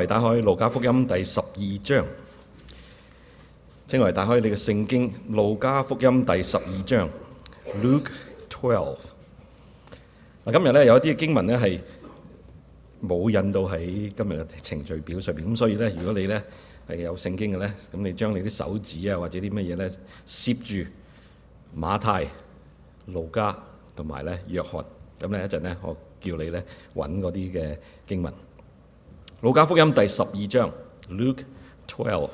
請打開《路加福音》第十二章。請為打開你嘅聖經《路加福音》第十二章。Luke 12。嗱，今日咧有一啲經文咧係冇印到喺今日嘅程序表上邊，咁所以咧，如果你咧係有聖經嘅咧，咁你將你啲手指啊或者啲乜嘢咧，攝住馬太、路加同埋咧約翰，咁咧一陣咧，我叫你咧揾嗰啲嘅經文。《路加福音》第十二章，Luke Twelve。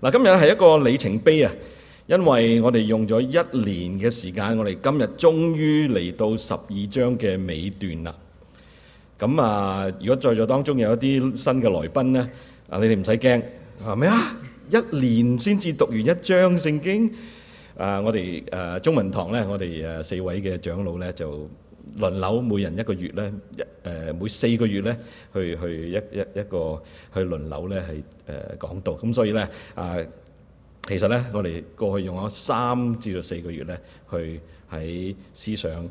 嗱，今日咧係一個里程碑啊，因為我哋用咗一年嘅時間，我哋今日終於嚟到十二章嘅尾段啦。咁啊，如果在座當中有一啲新嘅來賓咧，啊，你哋唔使驚，係咪啊？一年先至讀完一章聖經，啊，我哋誒中文堂咧，我哋誒四位嘅長老咧就。輪流每人一個月咧，一誒、呃、每四個月咧去去一一一個去輪流咧係誒講道，咁所以咧啊、呃，其實咧我哋過去用咗三至到四個月咧，去喺思想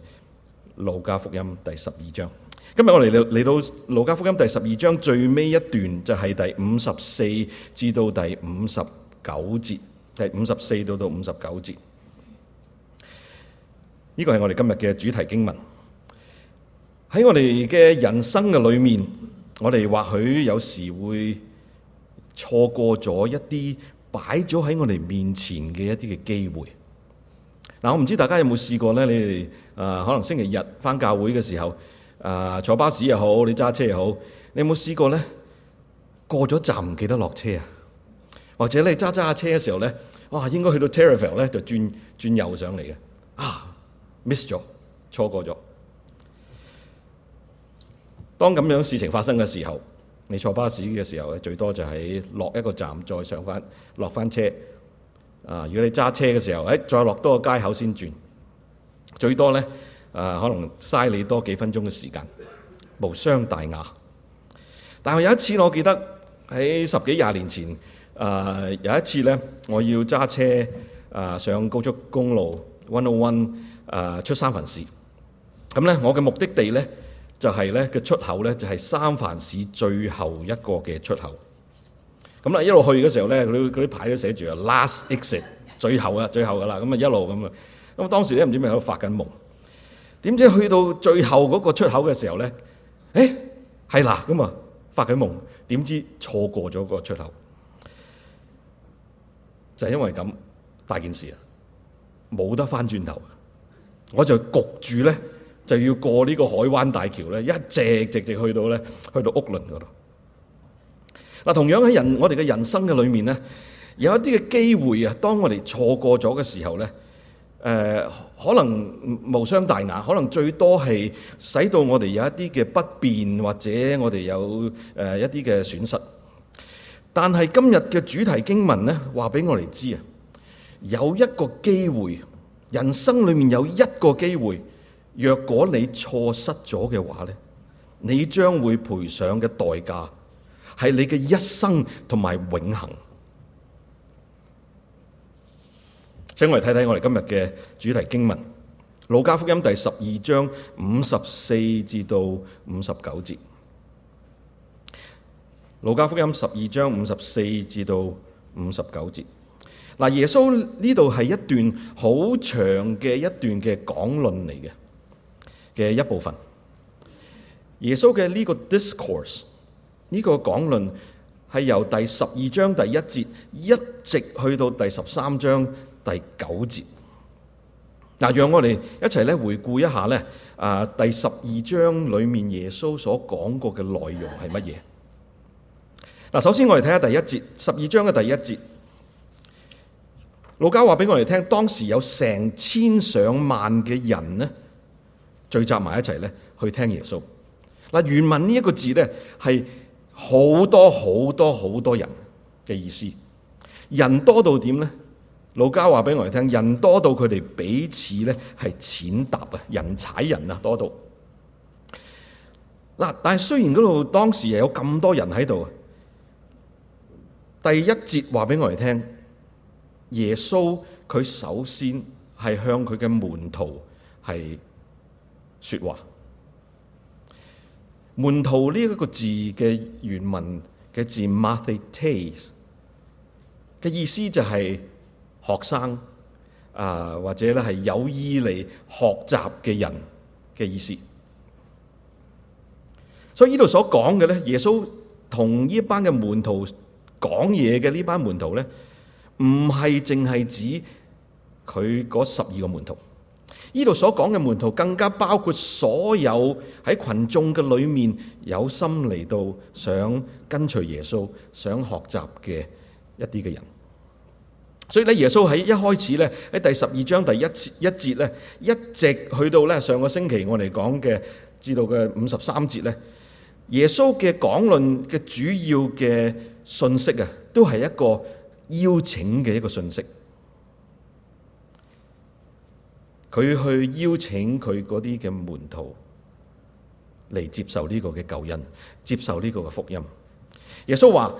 路加福音第十二章。今日我哋嚟嚟到路加福音第十二章最尾一段，就係、是、第五十四至到第五十九節，第五十四到到五十九節。呢、這個係我哋今日嘅主題經文。喺我哋嘅人生嘅裏面，我哋或許有時會錯過咗一啲擺咗喺我哋面前嘅一啲嘅機會。嗱、嗯，我唔知大家有冇試過咧？你哋誒、呃，可能星期日返教會嘅時候，誒、呃、坐巴士又好，你揸車又好，你有冇試過咧？過咗站唔記得落車啊？或者你揸揸下車嘅時候咧，哇、啊，應該去到 Terrell 咧就轉轉右上嚟嘅，啊，miss 咗，錯過咗。當咁樣的事情發生嘅時候，你坐巴士嘅時候咧，最多就係落一個站再上翻落翻車。啊，如果你揸車嘅時候，誒再落多個街口先轉，最多咧啊，可能嘥你多幾分鐘嘅時間，無傷大雅。但係有一次，我記得喺十幾廿年前啊，有一次咧，我要揸車啊上高速公路 One O One 啊出三藩市。咁咧，我嘅目的地咧。就係咧嘅出口咧，就係、是、三藩市最後一個嘅出口。咁啦，一路去嘅時候咧，佢啲牌都寫住啊，Last exit，最後啊，最後噶啦。咁啊，一路咁啊。咁當時咧，唔知咩喺度發緊夢。點知去到最後嗰個出口嘅時候咧，誒、欸，係喇咁啊，發緊夢。點知錯過咗個出口，就係、是、因為咁大件事啊，冇得返轉頭。我就焗住咧。就要過呢個海灣大橋咧，一直一直去到咧，去到屋輪嗰度嗱。同樣喺人我哋嘅人生嘅裏面呢，有一啲嘅機會啊。當我哋錯過咗嘅時候呢，誒可能無傷大雅，可能最多係使到我哋有一啲嘅不便，或者我哋有誒一啲嘅損失。但係今日嘅主題經文呢，話俾我哋知啊，有一個機會，人生裡面有一個機會。若果你錯失咗嘅話呢，你將會賠上嘅代價係你嘅一生同埋永恆。請看看我嚟睇睇我哋今日嘅主題經文《路加福音》第十二章五十四至到五十九節，《路加福音》十二章五十四至到五十九節。嗱，耶穌呢度係一段好長嘅一段嘅講論嚟嘅。嘅一部分，耶穌嘅呢個 discourse 呢個講論係由第十二章第一節一直去到第十三章第九節。嗱，讓我哋一齊咧回顧一下咧啊，第十二章裏面耶穌所講過嘅內容係乜嘢？嗱，首先我哋睇下第一節，十二章嘅第一節，路加話俾我哋聽，當時有成千上萬嘅人呢。聚集埋一齊咧，去聽耶穌。嗱，原文呢一個字咧，係好多好多好多人嘅意思。人多到點咧？路加話俾我哋聽，人多到佢哋彼此咧係踐踏啊，人踩人啊，多到。嗱，但係雖然嗰度當時有咁多人喺度，啊。第一節話俾我哋聽，耶穌佢首先係向佢嘅門徒係。說話，門徒呢一個字嘅原文嘅字 mathetes 嘅意思就係學生啊、呃、或者咧係有意嚟學習嘅人嘅意思。所以呢度所講嘅咧，耶穌同呢班嘅門徒講嘢嘅呢班門徒咧，唔係淨係指佢嗰十二個門徒。呢度所講嘅門徒更加包括所有喺群眾嘅裏面有心嚟到想跟隨耶穌、想學習嘅一啲嘅人。所以咧，耶穌喺一開始呢，喺第十二章第一節一節呢，一直去到呢上個星期我哋講嘅至到嘅五十三節呢，耶穌嘅講論嘅主要嘅信息啊，都係一個邀請嘅一個信息。佢去邀請佢嗰啲嘅門徒嚟接受呢個嘅救恩，接受呢個嘅福音。耶穌話：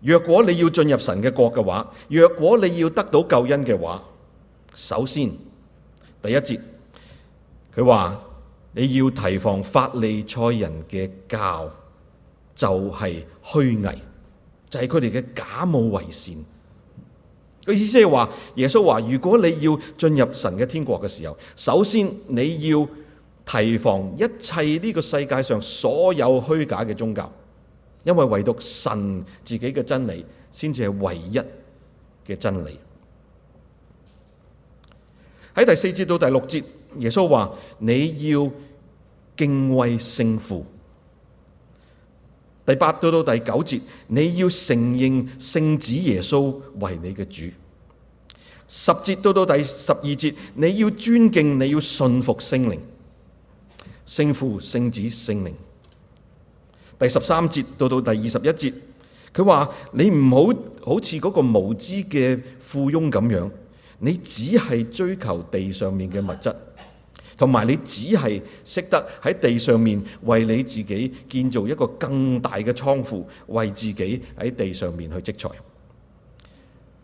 若果你要進入神嘅國嘅話，若果你要得到救恩嘅話，首先第一節，佢話你要提防法利賽人嘅教就係虛偽，就係佢哋嘅假冒為善。佢意思係話，耶穌話：如果你要進入神嘅天國嘅時候，首先你要提防一切呢個世界上所有虛假嘅宗教，因為唯獨神自己嘅真、真理，先至係唯一嘅真理。喺第四節到第六節，耶穌話：你要敬畏聖父。第八到到第九節，你要承認聖子耶穌為你嘅主。十節到到第十二節，你要尊敬，你要信服聖靈。聖父、聖子、聖靈。第十三節到到第二十一節，佢話你唔好好似嗰個無知嘅富翁咁樣，你只係追求地上面嘅物質。同埋你只係識得喺地上面為你自己建造一個更大嘅倉庫，為自己喺地上面去積財。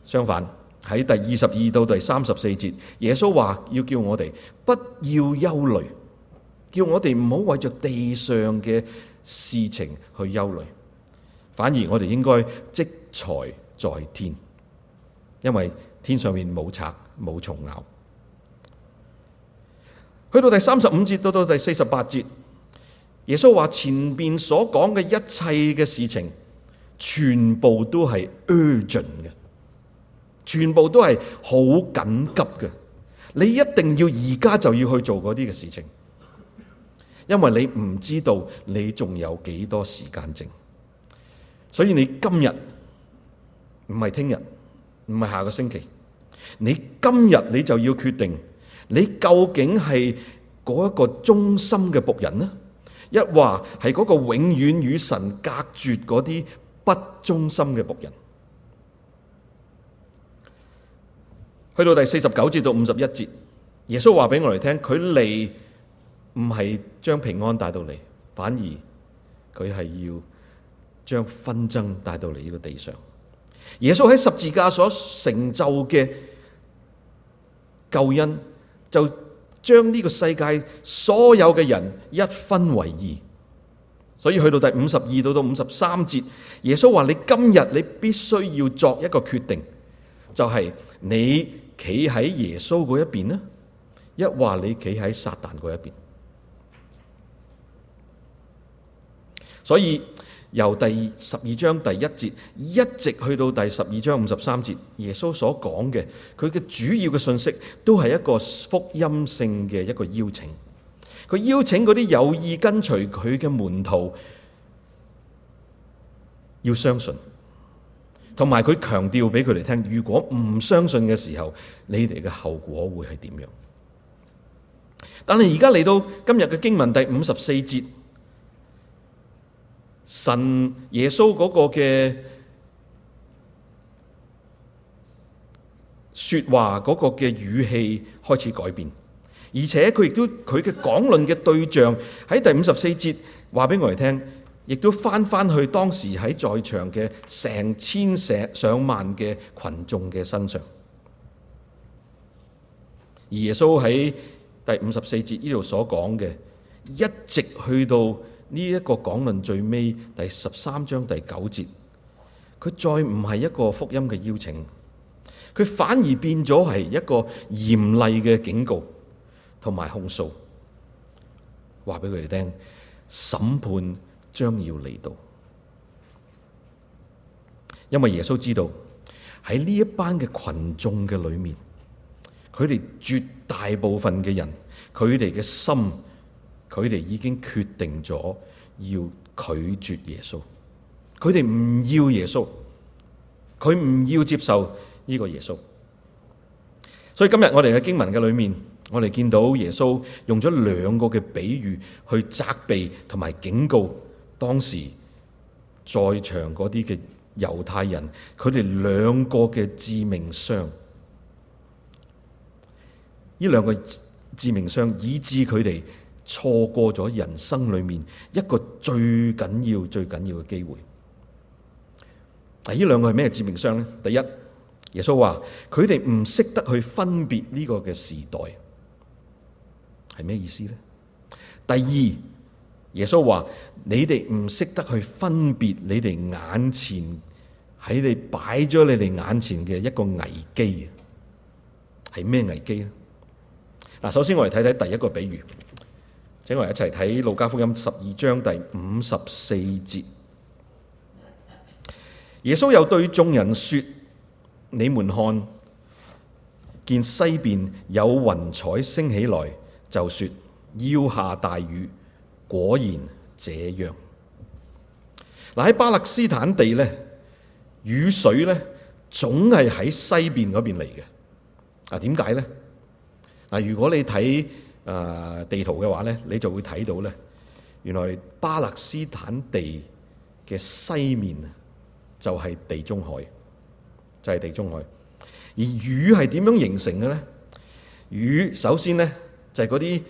相反，喺第二十二到第三十四節，耶穌話要叫我哋不要憂慮，叫我哋唔好為着地上嘅事情去憂慮，反而我哋應該積財在天，因為天上面冇賊冇蟲咬。去到第三十五節到到第四十八節，耶穌話前面所講嘅一切嘅事情，全部都係 urgent 嘅，全部都係好緊急嘅。你一定要而家就要去做嗰啲嘅事情，因為你唔知道你仲有幾多時間剩，所以你今日唔係聽日，唔係下個星期，你今日你就要決定。你究竟係嗰一個忠心嘅僕人呢？抑或係嗰個永遠與神隔絕嗰啲不忠心嘅僕人。去到第四十九節到五十一節，耶穌話俾我哋聽，佢嚟唔係將平安帶到嚟，反而佢係要將紛爭帶到嚟呢個地上。耶穌喺十字架所成就嘅救恩。就將呢個世界所有嘅人一分為二，所以去到第五十二到到五十三節，耶穌話：你今日你必須要作一個決定，就係你企喺耶穌嗰一邊呢，一話你企喺撒旦嗰一邊，所以。由第十二章第一節一直去到第十二章五十三節，耶穌所講嘅，佢嘅主要嘅信息都係一個福音性嘅一個邀請。佢邀請嗰啲有意跟隨佢嘅門徒要相信，同埋佢強調俾佢哋聽，如果唔相信嘅時候，你哋嘅後果會係點樣？但係而家嚟到今日嘅經文第五十四節。神耶穌嗰個嘅說話嗰、嗰個嘅語氣開始改變，而且佢亦都佢嘅講論嘅對象喺第五十四節話俾我哋聽，亦都翻翻去當時喺在、在場嘅成千上萬嘅群眾嘅身上。而耶穌喺第五十四節呢度所講嘅，一直去到。呢一個講論最尾第十三章第九節，佢再唔係一個福音嘅邀請，佢反而變咗係一個嚴厲嘅警告同埋控訴，話俾佢哋聽，審判將要嚟到。因為耶穌知道喺呢一班嘅群眾嘅裏面，佢哋絕大部分嘅人，佢哋嘅心。佢哋已經決定咗要拒絕耶穌，佢哋唔要耶穌，佢唔要接受呢個耶穌。所以今日我哋嘅經文嘅裏面，我哋見到耶穌用咗兩個嘅比喻去責備同埋警告當時在場嗰啲嘅猶太人，佢哋兩個嘅致命傷，呢兩個致命傷以致佢哋。錯過咗人生裏面一個最緊要、最緊要嘅機會。啊！呢兩個係咩致命傷呢？第一，耶穌話佢哋唔識得去分別呢個嘅時代，係咩意思呢？第二，耶穌話你哋唔識得去分別你哋眼前喺你擺咗你哋眼前嘅一個危機啊，係咩危機呢？嗱，首先我嚟睇睇第一個比喻。請我一齊睇《路加福音》十二章第五十四節。耶穌又對眾人説：你們看見西邊有雲彩升起來，就説要下大雨。果然這樣。嗱，喺巴勒斯坦地呢，雨水呢，總係喺西邊嗰邊嚟嘅。啊，點解呢？嗱，如果你睇。啊、呃，地圖嘅話呢，你就會睇到呢，原來巴勒斯坦地嘅西面啊，就係地中海，就係、是、地中海。而雨係點樣形成嘅呢？雨首先呢，就係嗰啲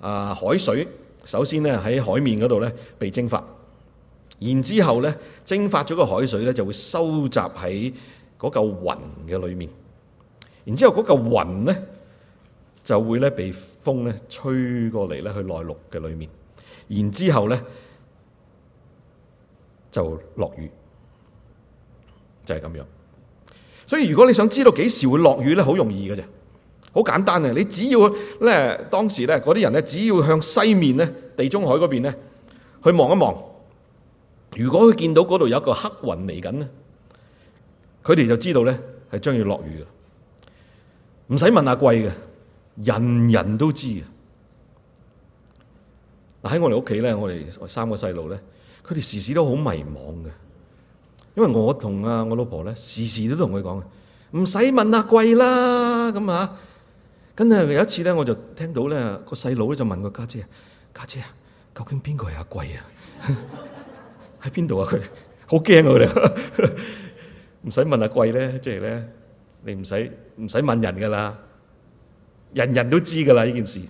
啊海水，首先呢喺海面嗰度呢被蒸發，然之後呢蒸發咗個海水呢就會收集喺嗰嚿雲嘅裏面，然之後嗰嚿雲呢。就會咧被風咧吹過嚟，咧去內陸嘅裏面，然之後咧就落雨，就係咁樣。所以如果你想知道幾時會落雨咧，好容易嘅啫，好簡單嘅。你只要咧當時咧嗰啲人咧，只要向西面咧地中海嗰邊咧去望一望，如果佢見到嗰度有一個黑雲嚟緊咧，佢哋就知道咧係將要落雨嘅，唔使問，問阿貴嘅。人人都知嘅。嗱，喺我哋屋企咧，我哋三個細路咧，佢哋時時都好迷茫嘅。因為我同阿我老婆咧，時時都同佢講，唔使問阿貴啦，咁啊。跟住有一次咧，我就聽到咧個細路咧就問個家姐：家姐啊，究竟邊個係阿貴啊？喺邊度啊？佢好驚啊！佢唔使問阿貴咧，即係咧，你唔使唔使問人噶啦。人人都知噶啦，呢件事。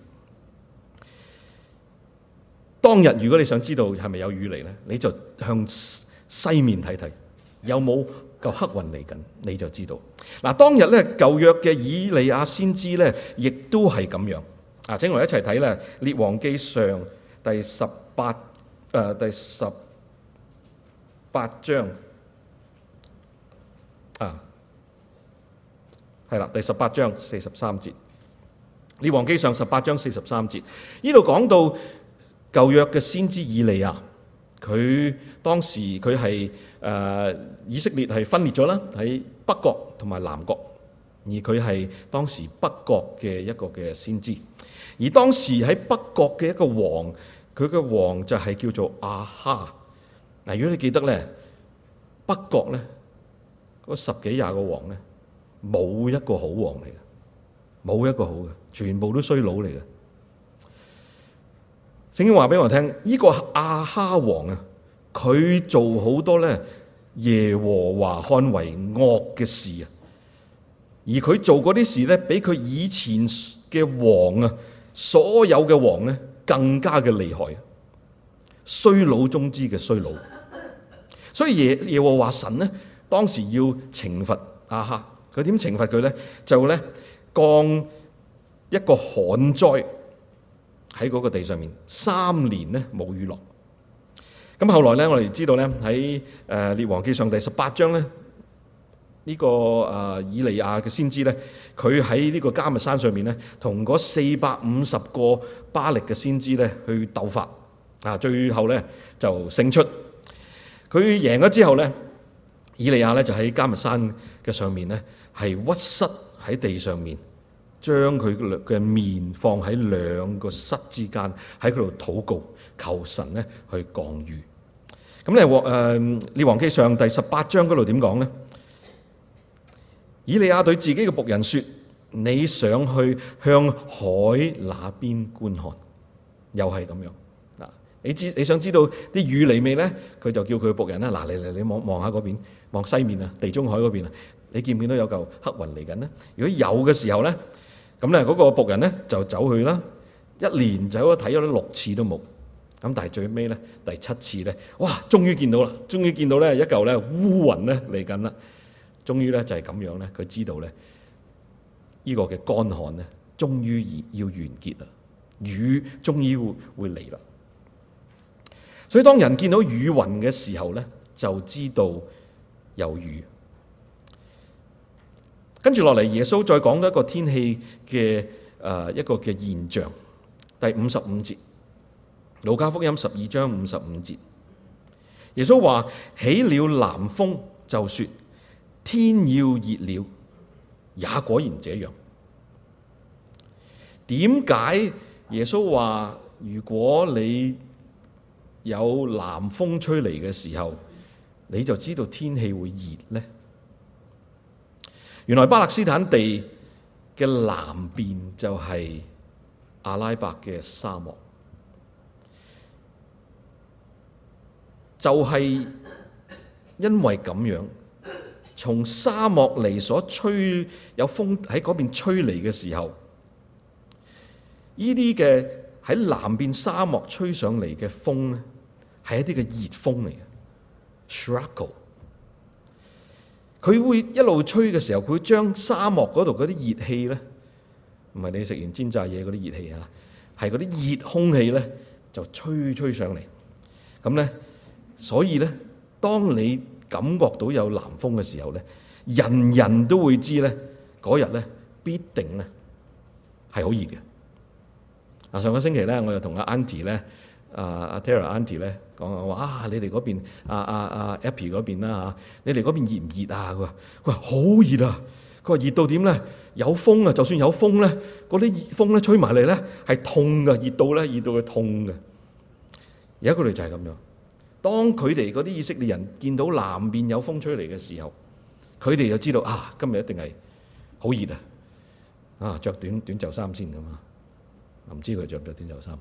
當日如果你想知道係咪有雨嚟呢，你就向西面睇睇，有冇嚿黑雲嚟緊，你就知道。嗱，當日咧舊約嘅以利亞先知咧，亦都係咁樣。啊，請我一齊睇啦，《列王記上》第十八誒、呃、第十八章啊，係啦，第十八章四十三節。列王紀上十八章四十三節，呢度講到舊約嘅先知以利亞，佢當時佢係誒，以色列係分裂咗啦，喺北國同埋南國，而佢係當時北國嘅一個嘅先知，而當時喺北國嘅一個王，佢嘅王就係叫做亞哈。嗱，如果你記得咧，北國咧嗰十幾廿個王咧，冇一個好王嚟嘅，冇一個好嘅。全部都衰佬嚟嘅。聖經話俾我聽，呢個亞哈王啊，佢做好多咧耶和華看為惡嘅事啊。而佢做嗰啲事咧，比佢以前嘅王啊，所有嘅王咧更加嘅厲害。衰佬中之嘅衰佬，所以耶耶和華神咧，當時要懲罰亞哈。佢點懲罰佢咧？就咧降。一個旱災喺嗰個地上面，三年呢冇雨落。咁後來呢，我哋知道呢，喺《誒、呃、列王記上》上第十八章呢，呢、這個啊、呃、以利亞嘅先知呢，佢喺呢個迦密山上面呢，同嗰四百五十個巴力嘅先知呢去鬥法啊，最後呢，就勝出。佢贏咗之後呢，以利亞呢就喺迦密山嘅上面呢，係屈膝喺地上面。將佢嘅面放喺兩個室之間，喺佢度禱告求神咧去降雨。咁、嗯、你王誒，列王紀上第十八章嗰度點講咧？以利亞對自己嘅僕人說：你想去向海那邊觀看？又係咁樣啊？你知你想知道啲雨嚟未咧？佢就叫佢僕人咧：嗱，嚟嚟，你望望下嗰邊，望西面啊，地中海嗰邊啊，你見唔見到有嚿黑雲嚟緊咧？如果有嘅時候咧？咁咧嗰個僕人咧就走去啦，一年就去睇咗六次都冇，咁但係最尾咧第七次咧，哇！終於見到啦，終於見到咧一嚿咧烏雲咧嚟緊啦，終於咧就係咁樣咧，佢知道咧呢個嘅乾旱咧終於要要完結啦，雨終於會會嚟啦。所以當人見到雨雲嘅時候咧，就知道有雨。跟住落嚟，耶穌再講一個天氣嘅誒、呃、一個嘅現象，第五十五節《路加福音》十二章五十五節，耶穌話：起了南風就，就說天要熱了，也果然這樣。點解耶穌話如果你有南風吹嚟嘅時候，你就知道天氣會熱呢？」原來巴勒斯坦地嘅南邊就係阿拉伯嘅沙漠，就係、是、因為咁樣，從沙漠嚟所吹有風喺嗰邊吹嚟嘅時候，呢啲嘅喺南邊沙漠吹上嚟嘅風呢係一啲嘅熱風嚟嘅，sharko。佢會一路吹嘅時候，佢會將沙漠嗰度嗰啲熱氣呢，唔係你食完煎炸嘢嗰啲熱氣啊，係嗰啲熱空氣呢，就吹吹上嚟。咁呢，所以呢，當你感覺到有南風嘅時候呢，人人都會知呢，嗰日呢必定呢係好熱嘅。嗱，上個星期呢，我又同阿 Auntie 咧。阿、uh, 阿 Tera Auntie 咧講啊，話啊，你哋嗰邊阿阿阿 Eppie 嗰邊啦嚇，uh, uh, uh, 邊 uh, 你哋嗰邊熱唔熱啊？佢話佢話好熱啊！佢話熱到點咧？有風啊！就算有風咧，嗰啲熱風咧吹埋嚟咧，係痛嘅。熱到咧，熱到佢痛嘅。有一個女仔係咁樣。當佢哋嗰啲以色列人見到南面有風吹嚟嘅時候，佢哋就知道啊，今日一定係好熱啊！啊，著短短袖衫先㗎嘛。唔知佢着唔着短袖衫？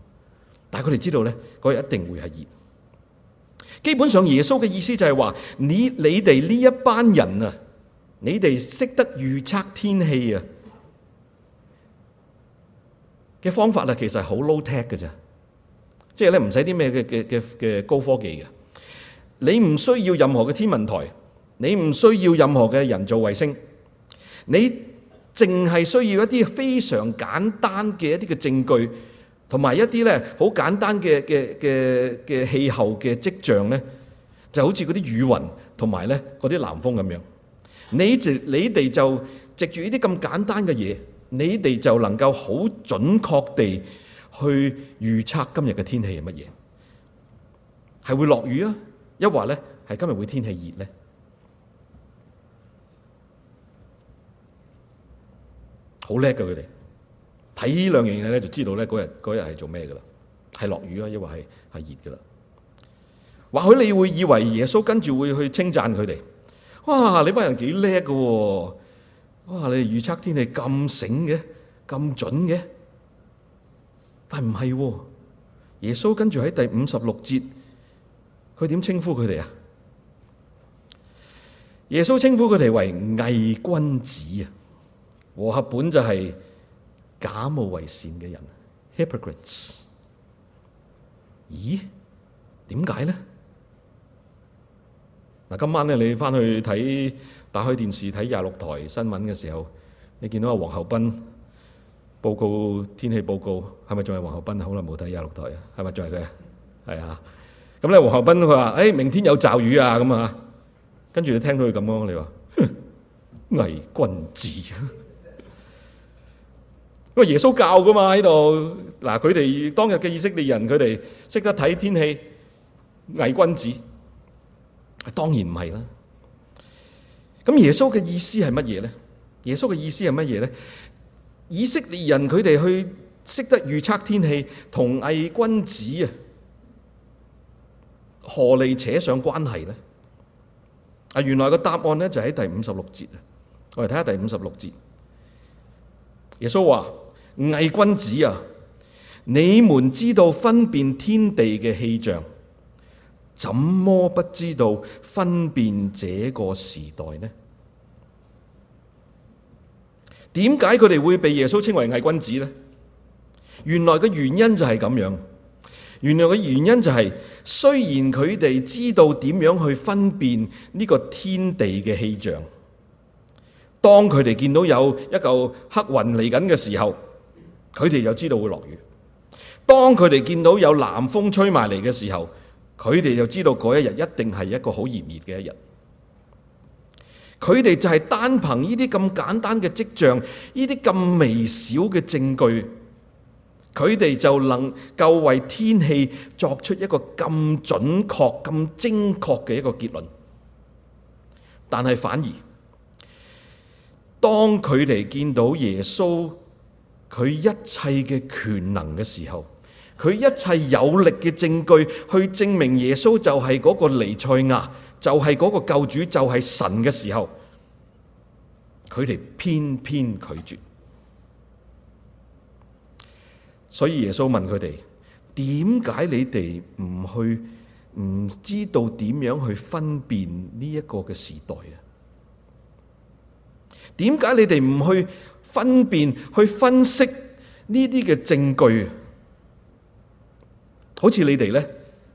但係佢哋知道呢，嗰日一定會係熱。基本上，耶穌嘅意思就係話：你你哋呢一班人啊，你哋識得預測天氣啊嘅方法啊，其實係好 low tech 嘅啫。即係咧，唔使啲咩嘅嘅嘅嘅高科技嘅。你唔需要任何嘅天文台，你唔需要任何嘅人造衛星，你淨係需要一啲非常簡單嘅一啲嘅證據。同埋一啲咧好簡單嘅嘅嘅嘅氣候嘅跡象咧，就好似嗰啲雨雲同埋咧嗰啲南風咁樣。你就你哋就藉住呢啲咁簡單嘅嘢，你哋就能夠好準確地去預測今日嘅天氣係乜嘢，係會落雨啊，抑或咧係今日會天氣熱咧，好叻嘅佢哋。睇呢兩樣嘢咧，就知道咧嗰日嗰日係做咩噶啦？係落雨啊，抑或係係熱噶啦？或許你會以為耶穌跟住會去稱讚佢哋，哇！你班人幾叻噶？哇！你預測天氣咁醒嘅，咁準嘅，但唔係、哦。耶穌跟住喺第五十六節，佢點稱呼佢哋啊？耶穌稱呼佢哋為偽君子啊！和合本就係、是。假冒為善嘅人，hypocrites。咦？點解呢？嗱，今晚咧你翻去睇，打開電視睇廿六台新聞嘅時候，你見到阿黃浩斌報告天氣報告，係咪仲係黃浩斌啊？好耐冇睇廿六台啊，係咪仲係佢啊？係啊。咁咧，黃浩斌佢話，誒，明天有驟雨啊，咁啊。跟住你聽到佢咁樣，你話偽君子。耶穌教噶嘛？喺度嗱，佢哋當日嘅以色列人，佢哋識得睇天氣，偽君子，當然唔係啦。咁耶穌嘅意思係乜嘢呢？耶穌嘅意思係乜嘢呢？以色列人佢哋去識得預測天氣同偽君子啊，何嚟扯上關係呢？啊，原來個答案呢，就喺第五十六節啊！我哋睇下第五十六節，耶穌話。偽君子啊！你們知道分辨天地嘅氣象，怎麼不知道分辨這個時代呢？點解佢哋會被耶穌稱為偽君子呢？原來嘅原因就係咁樣，原來嘅原因就係、是、雖然佢哋知道點樣去分辨呢個天地嘅氣象，當佢哋見到有一嚿黑雲嚟緊嘅時候。佢哋就知道會落雨。當佢哋見到有南風吹埋嚟嘅時候，佢哋就知道嗰一日一定係一個好炎熱嘅一日。佢哋就係單憑呢啲咁簡單嘅跡象，呢啲咁微小嘅證據，佢哋就能夠為天氣作出一個咁準確、咁精確嘅一個結論。但係反而，當佢哋見到耶穌。佢一切嘅權能嘅時候，佢一切有力嘅證據去證明耶穌就係嗰個彌賽亞，就係嗰個救主，就係神嘅時候，佢哋偏偏拒絕。所以耶穌問佢哋：點解你哋唔去？唔知道點樣去分辨呢一個嘅時代啊？點解你哋唔去，分辨去分析呢啲嘅證據，好似你哋呢，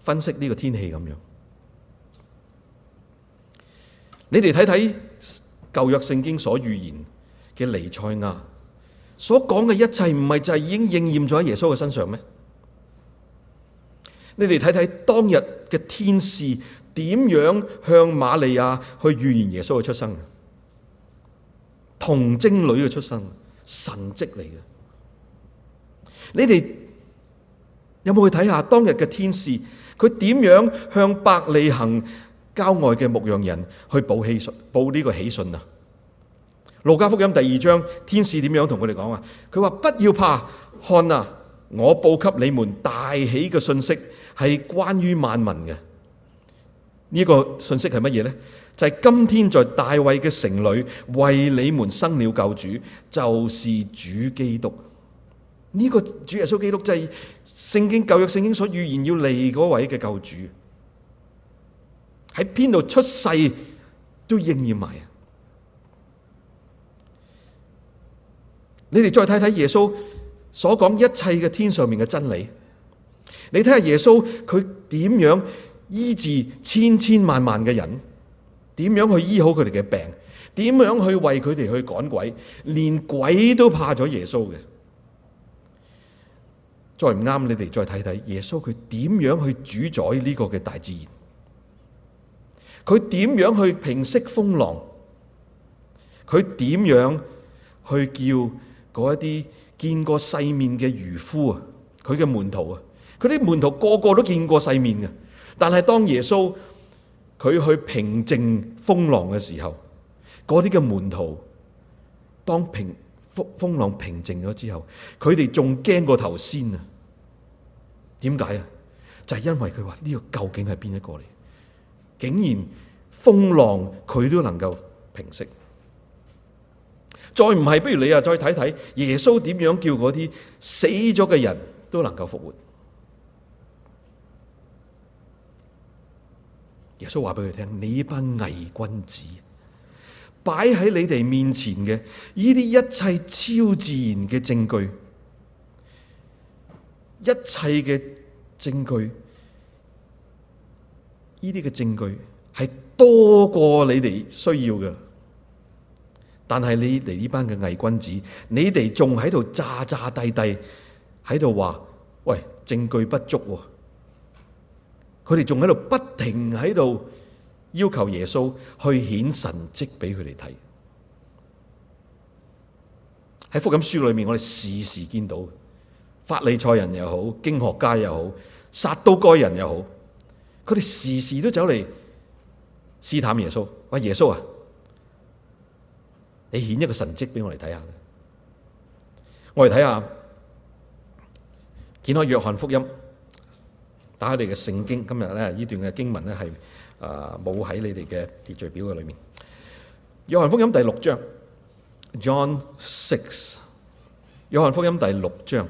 分析呢個天氣咁樣。你哋睇睇舊約聖經所預言嘅彌賽亞，所講嘅一切唔係就係已經應驗咗喺耶穌嘅身上咩？你哋睇睇當日嘅天使點樣向瑪利亞去預言耶穌嘅出生。童貞女嘅出身，神迹嚟嘅。你哋有冇去睇下當日嘅天使？佢點樣向伯利恆郊外嘅牧羊人去報喜訊？報呢個喜訊啊？路加福音第二章，天使點樣同佢哋講啊？佢話：不要怕，看啊！我報給你們大喜嘅信息，係關於萬民嘅。呢、這個信息係乜嘢呢？就係、是、今天，在大衛嘅城裏為你們生了救主，就是主基督。呢、這個主耶穌基督就係聖經舊約聖經所預言要嚟嗰位嘅救主。喺邊度出世都應驗埋。啊？你哋再睇睇耶穌所講一切嘅天上面嘅真理。你睇下耶穌佢點樣醫治千千萬萬嘅人。點樣去醫好佢哋嘅病？點樣去為佢哋去趕鬼？連鬼都怕咗耶穌嘅。再唔啱，你哋再睇睇耶穌，佢點樣去主宰呢個嘅大自然？佢點樣去平息風浪？佢點樣去叫嗰一啲見過世面嘅漁夫啊？佢嘅門徒啊？佢啲門徒個個都見過世面嘅，但係當耶穌，佢去平靜風浪嘅時候，嗰啲嘅門徒，當平風風浪平靜咗之後，佢哋仲驚過頭先啊？點解啊？就係因為佢話呢個究竟係邊一個嚟？竟然風浪佢都能夠平息，再唔係，不如你啊，再睇睇耶穌點樣叫嗰啲死咗嘅人都能夠復活。耶穌話俾佢聽，你班偽君子，擺喺你哋面前嘅呢啲一切超自然嘅證據，一切嘅證據，呢啲嘅證據係多過你哋需要嘅。但係你哋呢班嘅偽君子，你哋仲喺度詐詐諦諦喺度話，喂，證據不足。佢哋仲喺度不停喺度要求耶穌去顯神蹟俾佢哋睇，喺福音書裏面，我哋時時見到法利賽人又好，經學家又好，撒都該人又好，佢哋時時都走嚟試探耶穌。喂，耶穌啊，你顯一個神蹟俾我哋睇下，我哋睇下，展開約翰福音。打開你嘅聖經今日咧，呢段嘅經文咧，係啊，冇喺你哋嘅秩序表嘅裏面。約翰福音第六章，John Six，約翰福音第六章，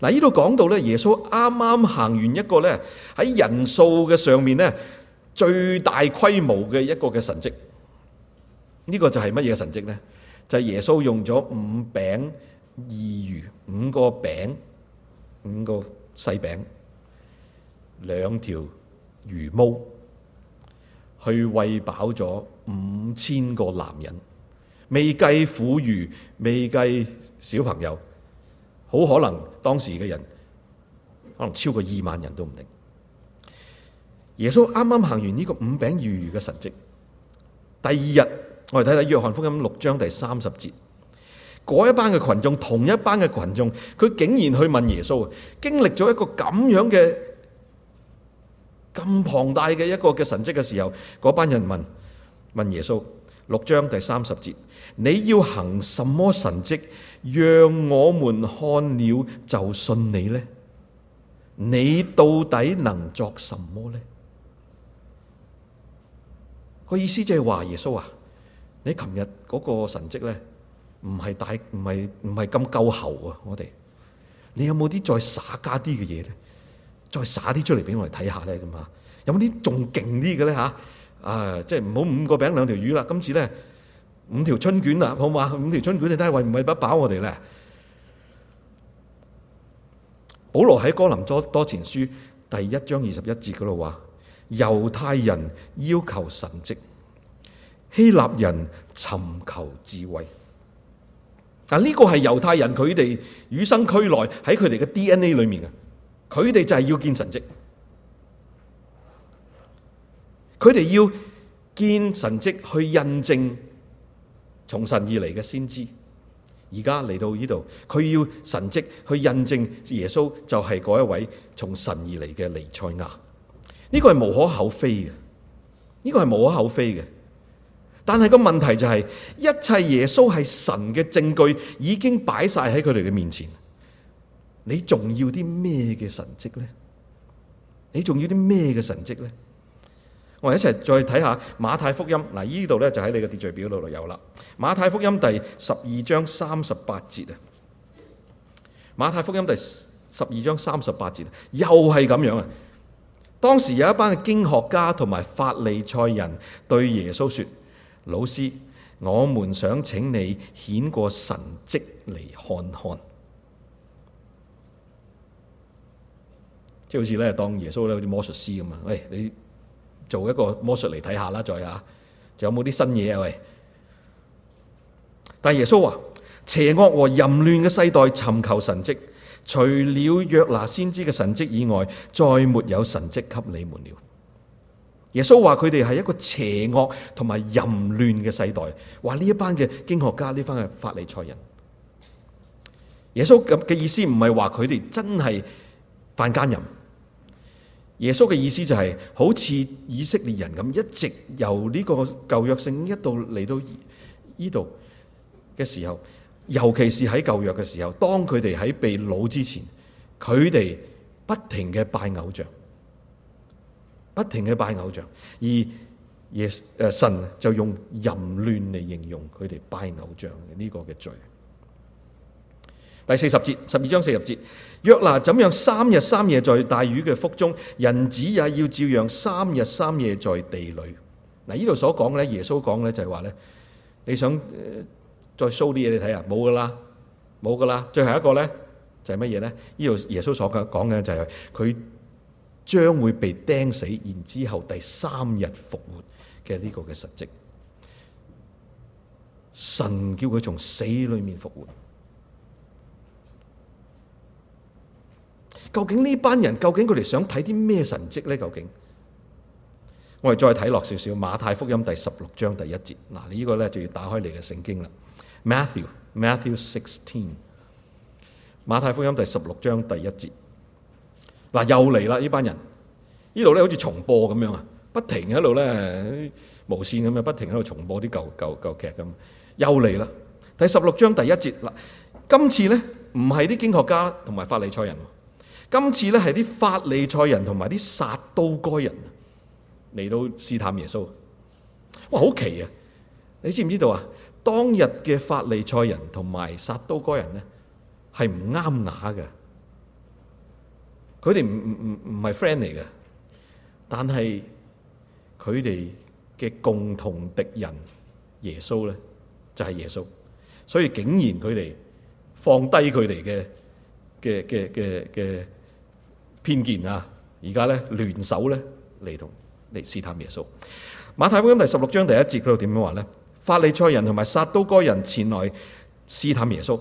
嗱，呢度講到咧，耶穌啱啱行完一個咧，喺人數嘅上面咧，最大規模嘅一個嘅神跡。呢、呢個就係乜嘢神跡咧？就係、是、耶穌用咗五餅二魚，五個餅五個細餅。兩條魚毛去餵飽咗五千個男人，未計婦孺，未計小朋友，好可能當時嘅人可能超過二萬人都唔定。耶穌啱啱行完呢個五餅二魚嘅神蹟，第二日我哋睇睇約翰福音六章第三十節，嗰一班嘅群眾，同一班嘅群眾，佢竟然去問耶穌啊，經歷咗一個咁樣嘅。咁龐大嘅一個嘅神跡嘅時候，嗰班人問問耶穌六章第三十節：你要行什麼神跡，讓我們看了就信你呢？你到底能作什麼呢？那個意思即係話耶穌啊，你琴日嗰個神跡呢，唔係大，唔係唔係咁夠喉啊！我哋，你有冇啲再灑家啲嘅嘢呢？再撒啲出嚟俾我哋睇下咧咁啊！有冇啲仲勁啲嘅咧吓，啊，即係唔好五個餅兩條魚啦！今次咧五條春卷啦好嘛？五條春卷你睇下餵唔餵不飽我哋咧？保羅喺哥林多前書第一章二十一節嗰度話：猶太人要求神蹟，希臘人尋求智慧。嗱、啊，呢個係猶太人佢哋與生俱來喺佢哋嘅 DNA 裏面佢哋就係要見神蹟，佢哋要見神蹟去印證從神而嚟嘅先知，而家嚟到呢度，佢要神蹟去印證耶穌就係嗰一位從神而嚟嘅彌賽亞，呢個係無可厚非嘅，呢個係無可厚非嘅。但係個問題就係，一切耶穌係神嘅證據已經擺晒喺佢哋嘅面前。你仲要啲咩嘅神蹟呢？你仲要啲咩嘅神蹟呢？我哋一齊再睇下馬太福音嗱，呢度呢就喺你嘅秩序表度有啦。馬太福音第十二章三十八節啊，馬太福音第十二章三十八節又係咁樣啊！當時有一班嘅經學家同埋法利賽人對耶穌說：老師，我們想請你顯個神蹟嚟看看。即係好似咧，當耶穌咧，好似魔術師咁啊！喂，你做一個魔術嚟睇下啦，再吓，仲有冇啲新嘢啊？喂！但耶穌話：邪惡和淫亂嘅世代尋求神蹟，除了約拿先知嘅神蹟以外，再沒有神蹟給你們了。耶穌話：佢哋係一個邪惡同埋淫亂嘅世代。話呢一班嘅經學家，呢班嘅法利賽人。耶穌咁嘅意思唔係話佢哋真係犯奸淫。耶穌嘅意思就係、是、好似以色列人咁，一直由呢個舊約聖經一到嚟到呢度嘅時候，尤其是喺舊約嘅時候，當佢哋喺被擄之前，佢哋不停嘅拜偶像，不停嘅拜偶像，而耶誒神就用淫亂嚟形容佢哋拜偶像嘅呢個嘅罪。第四十節，十二章四十節。約拿怎樣三日三夜在大魚嘅腹中，人子也要照樣三日三夜在地裏。嗱，呢度所講嘅咧，耶穌講咧就係話咧，你想、呃、再 show 啲嘢你睇下，冇噶啦，冇噶啦。最後一個咧就係乜嘢咧？呢度耶穌所講嘅就係、是、佢將會被釘死，然之後第三日復活嘅呢個嘅實跡。神叫佢從死裏面復活。.究竟呢班人究竟佢哋想睇啲咩神蹟咧？究竟，看究竟我哋再睇落少少《馬太福音》第十六章第一節。嗱，呢個咧就要打開你嘅聖經啦，《Matthew》，《Matthew Sixteen》。《馬太福音》第十六章第一節。嗱，又嚟啦！呢班人，呢度咧好似重播咁樣啊，不停喺度咧無線咁樣，不停喺度重播啲舊舊舊，舊劇咁，又嚟啦。第十六章第一節嗱，今次咧唔係啲經學家同埋法利賽人。今次咧係啲法利賽人同埋啲撒都該人嚟到試探耶穌。哇，好奇啊！你知唔知道啊？當日嘅法利賽人同埋撒都該人咧係唔啱牙嘅，佢哋唔唔唔唔係 friend 嚟嘅，但係佢哋嘅共同敵人耶穌咧就係耶穌，所以竟然佢哋放低佢哋嘅嘅嘅嘅嘅。偏見啊！而家咧聯手咧嚟同嚟試探耶穌。馬太福音第十六章第一節嗰度點樣話咧？法利賽人同埋撒都該人前來試探耶穌，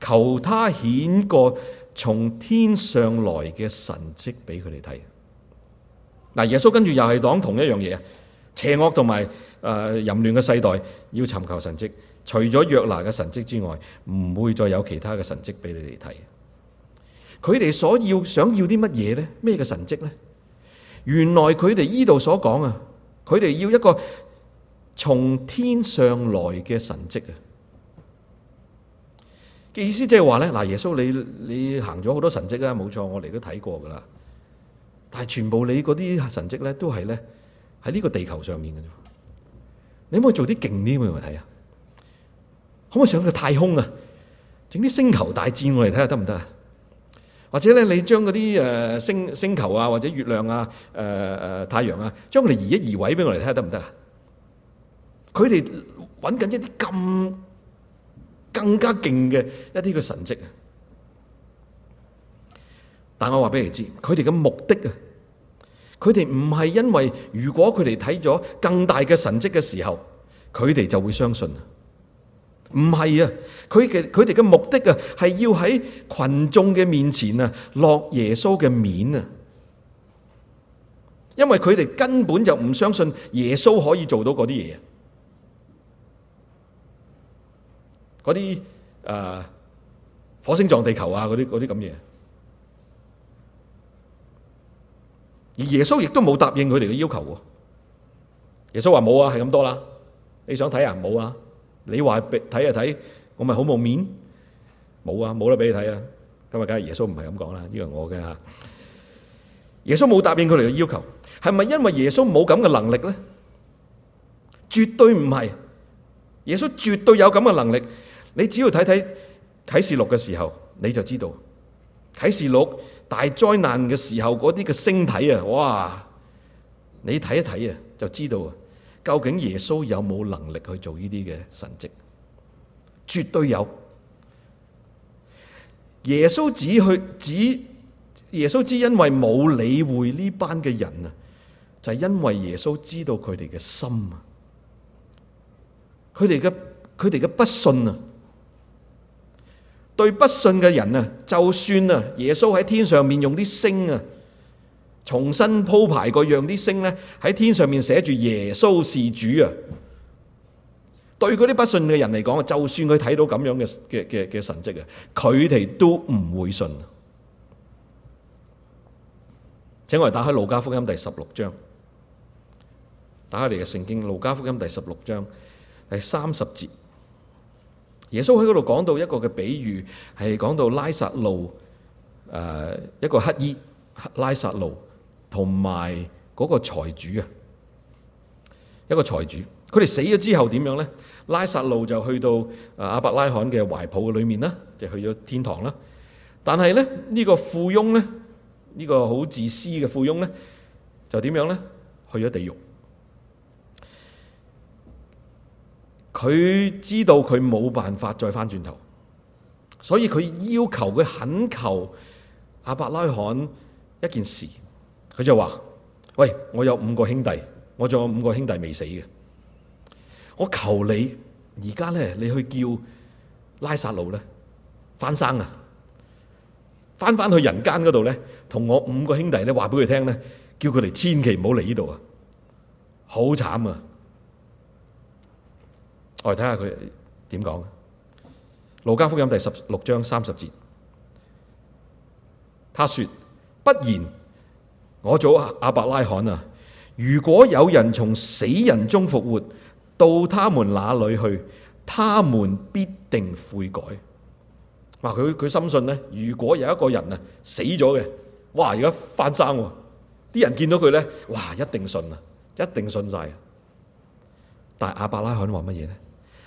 求他顯個從天上來嘅神蹟俾佢哋睇。嗱，耶穌跟住又係講同一樣嘢啊！邪惡同埋誒淫亂嘅世代要尋求神蹟，除咗約拿嘅神蹟之外，唔會再有其他嘅神蹟俾你哋睇。佢哋所要想要啲乜嘢咧？咩嘅神蹟咧？原來佢哋依度所講啊，佢哋要一個從天上來嘅神蹟啊嘅意思，即係話咧，嗱，耶穌你你行咗好多神蹟啊，冇錯，我哋都睇過噶啦。但係全部你嗰啲神蹟咧，都係咧喺呢個地球上面嘅啫。你可唔可以做啲勁啲嘅我睇啊？可唔可以上去太空啊？整啲星球大戰我嚟睇下得唔得啊？或者咧，你將嗰啲星星球啊，或者月亮啊，呃呃、太陽啊，將佢哋移一移位俾我哋睇下得唔得啊？佢哋揾緊一啲咁更加勁嘅一啲嘅神跡啊！但我話俾你知，佢哋嘅目的啊，佢哋唔係因為如果佢哋睇咗更大嘅神跡嘅時候，佢哋就會相信。唔係啊！佢嘅佢哋嘅目的啊，係要喺群眾嘅面前啊，落耶穌嘅面啊！因為佢哋根本就唔相信耶穌可以做到嗰啲嘢，嗰啲誒火星撞地球啊，嗰啲嗰啲咁嘢。而耶穌亦都冇答應佢哋嘅要求。耶穌話冇啊，係咁多啦。你想睇啊？冇啊！你話俾睇一睇，我咪好冇面？冇啊，冇得俾你睇啊！今日梗係耶穌唔係咁講啦，呢個係我嘅，吓。耶穌冇答應佢哋嘅要求，係咪因為耶穌冇咁嘅能力咧？絕對唔係，耶穌絕對有咁嘅能力。你只要睇睇啟示錄嘅時候，你就知道啟示錄大災難嘅時候嗰啲嘅星體啊，哇！你睇一睇啊，就知道啊。究竟耶穌有冇能力去做呢啲嘅神蹟？絕對有。耶穌只去，只耶穌知，因為冇理會呢班嘅人啊，就係、是、因為耶穌知道佢哋嘅心啊，佢哋嘅、佢哋嘅不信啊，對不信嘅人啊，就算啊，耶穌喺天上面用啲星啊，重新鋪排過，讓啲星呢，喺天上面寫住耶穌是主啊！對嗰啲不信嘅人嚟講，就算佢睇到咁樣嘅嘅嘅嘅神蹟啊，佢哋都唔會信。請我哋打開《路加福音》第十六章，打開你嘅《聖經·路加福音》第十六章第三十節。耶穌喺嗰度講到一個嘅比喻，係講到拉撒路，誒、呃，一個乞衣，拉撒路。同埋嗰個財主啊，一個財主，佢哋死咗之後點樣呢？拉撒路就去到阿伯拉罕嘅懷抱裏面啦，就去咗天堂啦。但係呢，呢個富翁呢，呢個好自私嘅富翁呢，就點樣呢？去咗地獄。佢知道佢冇辦法再翻轉頭，所以佢要求佢懇求阿伯拉罕一件事。佢就話，喂，我有五個兄弟，我仲有五個兄弟未死嘅。我求你而家咧，你去叫拉撒路咧翻生啊，翻翻去人間嗰度咧，同我五個兄弟咧話俾佢聽咧，叫佢哋千祈唔好嚟呢度啊，好慘啊！我哋睇下佢點講。路加福音第十六章三十節，他說：不然。我做阿伯拉罕啊！如果有人從死人中復活，到他們那裏去，他們必定悔改。嗱，佢佢深信呢，如果有一個人啊死咗嘅，哇，而家翻生，啲人見到佢呢，哇，一定信啊，一定信晒。但阿伯拉罕話乜嘢呢？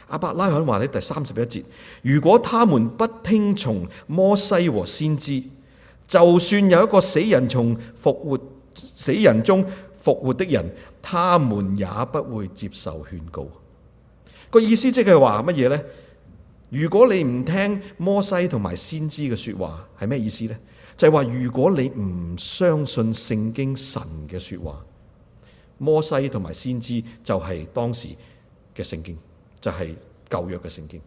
阿伯拉罕話喺第三十一節，如果他們不聽從摩西和先知。就算有一個死人從復活死人中復活的人，他們也不會接受勸告。那個意思即係話乜嘢呢？如果你唔聽摩西同埋先知嘅說話，係咩意思呢？就係話如果你唔相信聖經神嘅說話，摩西同埋先知就係當時嘅聖經，就係舊約嘅聖經。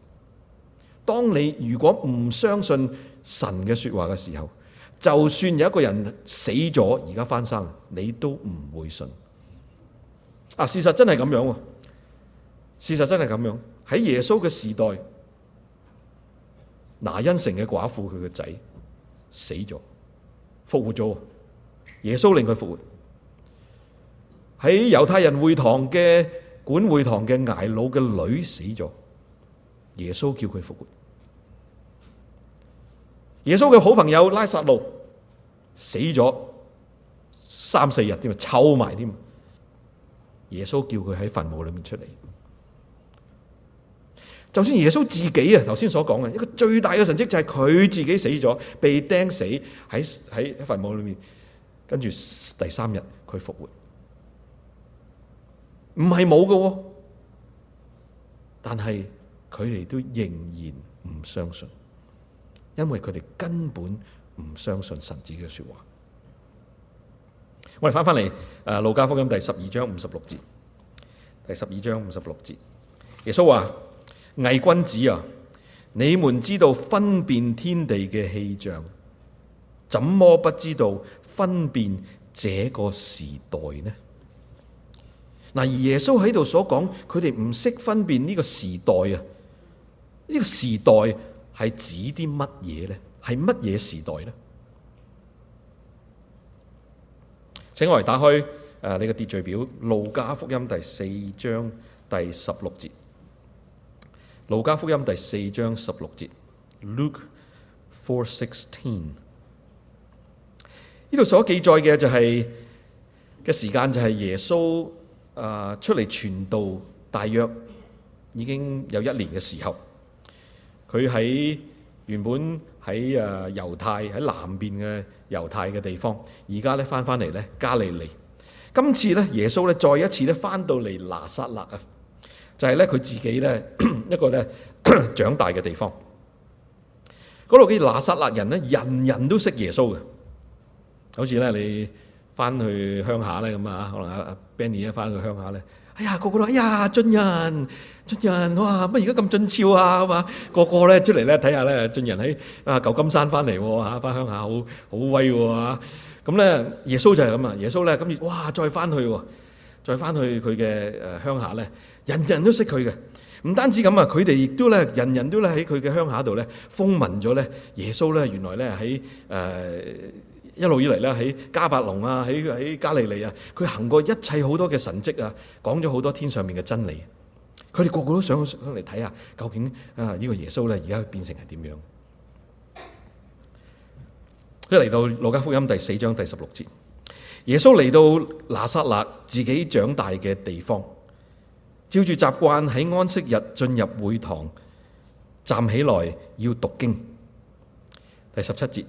當你如果唔相信神嘅說話嘅時候，就算有一個人死咗，而家翻生，你都唔會信。啊，事實真係咁樣，事實真係咁樣。喺耶穌嘅時代，拿因城嘅寡婦佢嘅仔死咗，復活咗。耶穌令佢復活。喺猶太人會堂嘅管會堂嘅挨老嘅女死咗，耶穌叫佢復活。耶穌嘅好朋友拉撒路。死咗三四日添，臭埋添。耶穌叫佢喺墳墓裏面出嚟。就算耶穌自己啊，頭先所講嘅一個最大嘅神蹟就係佢自己死咗，被釘死喺喺墳墓裏面，跟住第三日佢復活。唔係冇㗎，但係佢哋都仍然唔相信，因為佢哋根本。唔相信神子嘅說話。我哋翻翻嚟《啊路加福音》第十二章五十六節，第十二章五十六節，耶穌話：偽君子啊，你們知道分辨天地嘅氣象，怎麼不知道分辨這個時代呢？嗱，而耶穌喺度所講，佢哋唔識分辨呢個時代啊，呢個時代係指啲乜嘢呢？係乜嘢時代呢？請我嚟打開誒、呃，你嘅秩序表《路加福音》第四章第十六節，《路加福音》第四章十六節。Luke four sixteen 呢度所記載嘅就係、是、嘅時間就係耶穌、呃、出嚟傳道大約已經有一年嘅時候，佢喺原本。喺誒猶太喺南邊嘅猶太嘅地方，而家咧翻翻嚟咧加利利。今次咧耶穌咧再一次咧翻到嚟拿撒勒啊，就係咧佢自己咧一個咧長大嘅地方。嗰度啲拿撒勒人咧，人人都識耶穌嘅，好似咧你翻去鄉下咧咁啊，可能阿、啊、阿 Benny 一翻去鄉下咧。哎呀，個個都哎呀，俊仁俊仁，哇！乜而家咁俊俏啊？咁啊，個個咧出嚟咧睇下咧俊仁喺啊舊金山翻嚟喎嚇，翻鄉下好好威喎嚇。咁咧耶穌就係咁啊，耶穌咧今次哇再翻去，再翻去佢嘅誒鄉下咧，人人都識佢嘅，唔單止咁啊，佢哋亦都咧人人都咧喺佢嘅鄉下度咧風聞咗咧，耶穌咧原來咧喺誒。一路以嚟咧，喺加百隆啊，喺喺加利利啊，佢行過一切好多嘅神迹啊，講咗好多天上面嘅真理。佢哋個個都想嚟睇下，究竟啊呢個耶穌咧，而家變成係點樣？一嚟到《路加福音》第四章第十六節，耶穌嚟到拿撒勒自己長大嘅地方，照住習慣喺安息日進入會堂，站起來要讀經，第十七節。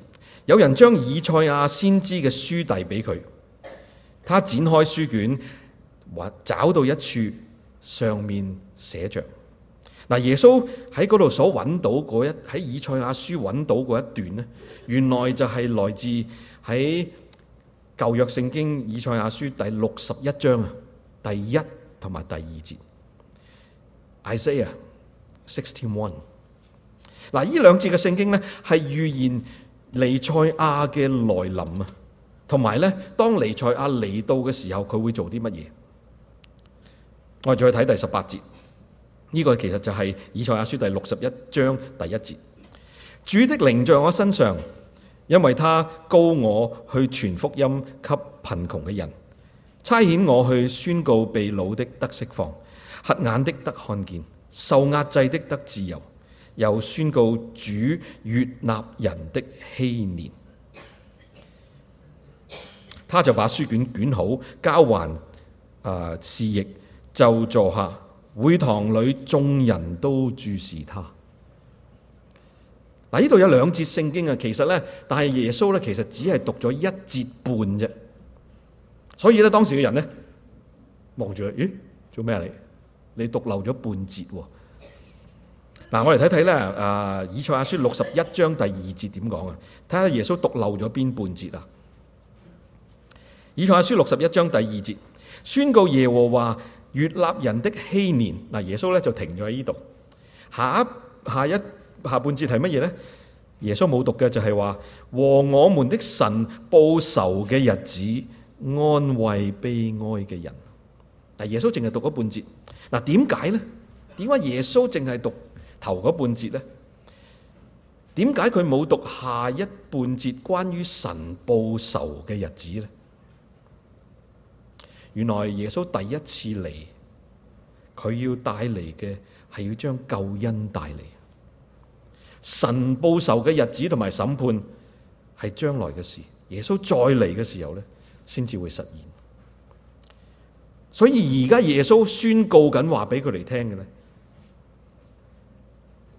有人將以賽亞先知嘅書遞俾佢，他展開書卷，揾找到一處，上面寫着：「嗱。耶穌喺嗰度所揾到嗰一喺以賽亞書揾到嗰一段呢，原來就係來自喺舊約聖經以賽亞書第六十一章啊，第一同埋第二節。Isaiah 啊，sixty one。嗱，呢兩節嘅聖經呢，係預言。彌賽亞嘅來臨啊，同埋咧，當彌賽亞嚟到嘅時候，佢會做啲乜嘢？我哋再睇第十八節，呢、這個其實就係以賽亞書第六十一章第一節。主的靈在我身上，因為他膏我去傳福音給貧窮嘅人，差遣我去宣告被擄的得釋放，瞎眼的得看見，受壓制的得自由。又宣告主悅納人的禧年，他就把書卷捲好，交還啊侍、呃、役，就坐下。會堂裏眾人都注視他。嗱，呢度有兩節聖經啊，其實咧，但係耶穌咧，其實只係讀咗一節半啫。所以咧，當時嘅人咧望住佢，咦，做咩嚟？你你讀漏咗半節喎？嗱，我哋睇睇咧。啊，以賽亞書六十一章第二節點講啊？睇下耶穌讀漏咗邊半節啊？以賽亞書六十一章第二節，宣告耶和華悅納人的禧年。嗱，耶穌咧就停咗喺呢度。下一下一下半節係乜嘢咧？耶穌冇讀嘅就係、是、話和我們的神報仇嘅日子，安慰悲哀嘅人。嗱，耶穌淨係讀咗半節。嗱，點解咧？點解耶穌淨係讀？頭嗰半節呢，點解佢冇讀下一半節關於神報仇嘅日子呢？原來耶穌第一次嚟，佢要帶嚟嘅係要將救恩帶嚟。神報仇嘅日子同埋審判係將來嘅事，耶穌再嚟嘅時候呢，先至會實現。所以而家耶穌宣告緊話俾佢哋聽嘅呢。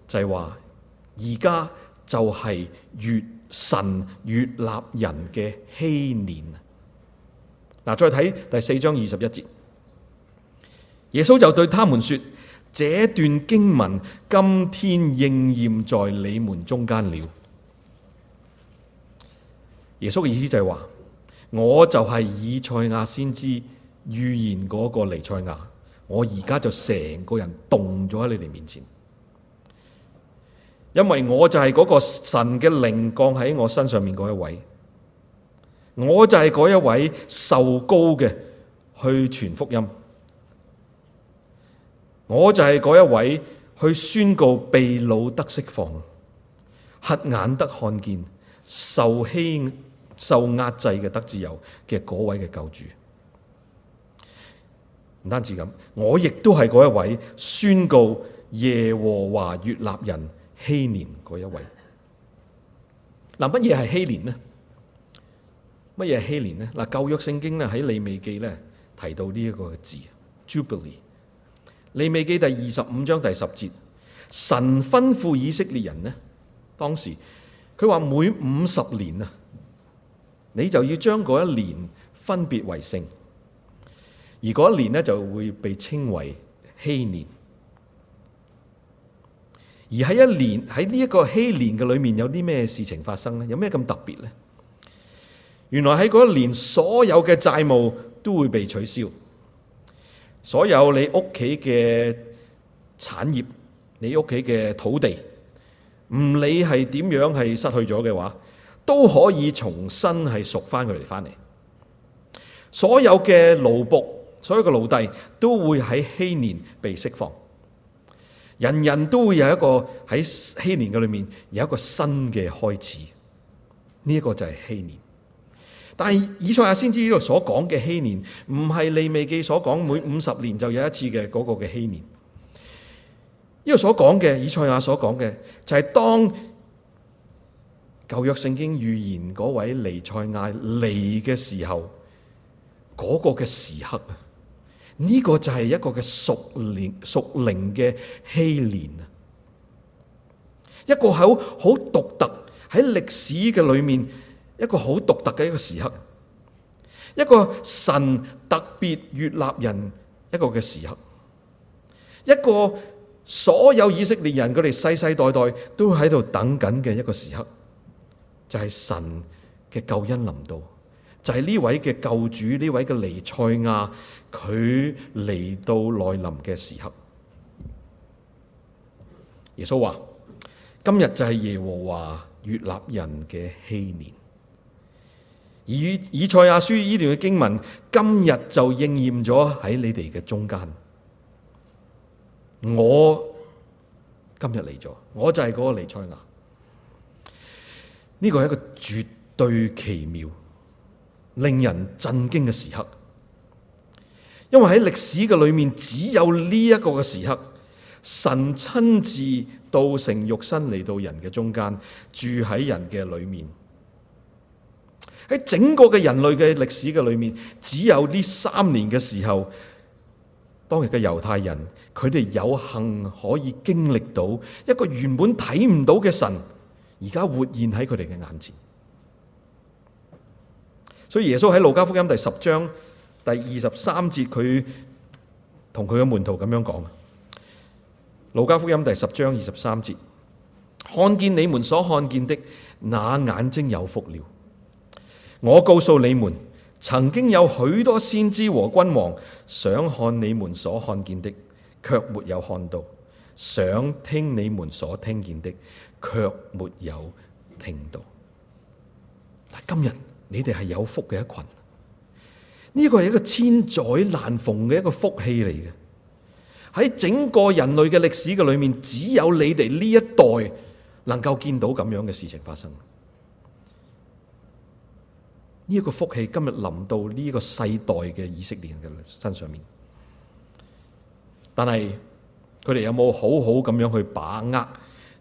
就係、是、話，而家就係越神越立人嘅禧年。嗱，再睇第四章二十一節，耶穌就對他們說：，這段經文今天應驗在你們中間了。耶穌嘅意思就係話，我就係以賽亞先知預言嗰個彌賽亞，我而家就成個人凍咗喺你哋面前。因為我就係嗰個神嘅靈降喺我身上面嗰一位，我就係嗰一位受高嘅去傳福音，我就係嗰一位去宣告被擄得釋放、瞎眼得看見、受欺受壓制嘅得自由嘅嗰位嘅救主。唔單止咁，我亦都係嗰一位宣告耶和華悅納人。禧年嗰一位，嗱，乜嘢係禧年呢？乜嘢係禧年呢？嗱，舊約聖經咧喺利未記咧提到呢一個字，jubilee。利未記第二十五章第十節，神吩咐以色列人呢，當時佢話每五十年啊，你就要將嗰一年分別為聖，而嗰一年呢就會被稱為禧年。而喺一年喺呢一個禧年嘅裏面，有啲咩事情發生呢？有咩咁特別呢？原來喺嗰一年，所有嘅債務都會被取消，所有你屋企嘅產業、你屋企嘅土地，唔理係點樣係失去咗嘅話，都可以重新係贖翻佢哋翻嚟。所有嘅奴僕、所有嘅奴隸都會喺禧年被釋放。人人都會有一個喺禧年嘅裏面有一個新嘅開始，呢、這、一個就係禧年。但係以賽亞先知呢度所講嘅禧年，唔係利未記所講每五十年就有一次嘅嗰個嘅禧年。呢度所講嘅以賽亞所講嘅就係、是、當舊約聖經預言嗰位彌賽亞嚟嘅時候，嗰、那個嘅時刻呢、這個就係一個嘅屬靈屬靈嘅希年啊，一個好好獨特喺歷史嘅裏面，一個好獨特嘅一個時刻，一個神特別悅納人一個嘅時刻，一個所有以色列人佢哋世世代代都喺度等緊嘅一個時刻，就係、是、神嘅救恩臨到。就係、是、呢位嘅救主，呢位嘅彌賽亞，佢嚟到來臨嘅時刻，耶穌話：今日就係耶和華悅納人嘅禧年。以以賽亞書呢段嘅經文，今日就應驗咗喺你哋嘅中間。我今日嚟咗，我就係嗰個彌賽亞。呢、這個係一個絕對奇妙。令人震驚嘅時刻，因為喺歷史嘅裏面，只有呢一個嘅時刻，神親自道成肉身嚟到人嘅中間，住喺人嘅裏面。喺整個嘅人類嘅歷史嘅裏面，只有呢三年嘅時候，當日嘅猶太人，佢哋有幸可以經歷到一個原本睇唔到嘅神，而家活現喺佢哋嘅眼前。所以耶穌喺路加福音第十章第二十三節，佢同佢嘅門徒咁樣講啊。路加福音第十章二十三節，看見你們所看見的，那眼睛有福了。我告訴你們，曾經有許多先知和君王想看你們所看見的，卻沒有看到；想聽你們所聽見的，卻沒有聽到。但今日。你哋係有福嘅一群，呢個係一個千載難逢嘅一個福氣嚟嘅。喺整個人類嘅歷史嘅裏面，只有你哋呢一代能夠見到咁樣嘅事情發生。呢一個福氣今日臨到呢個世代嘅以色列人嘅身上面，但係佢哋有冇好好咁樣去把握呢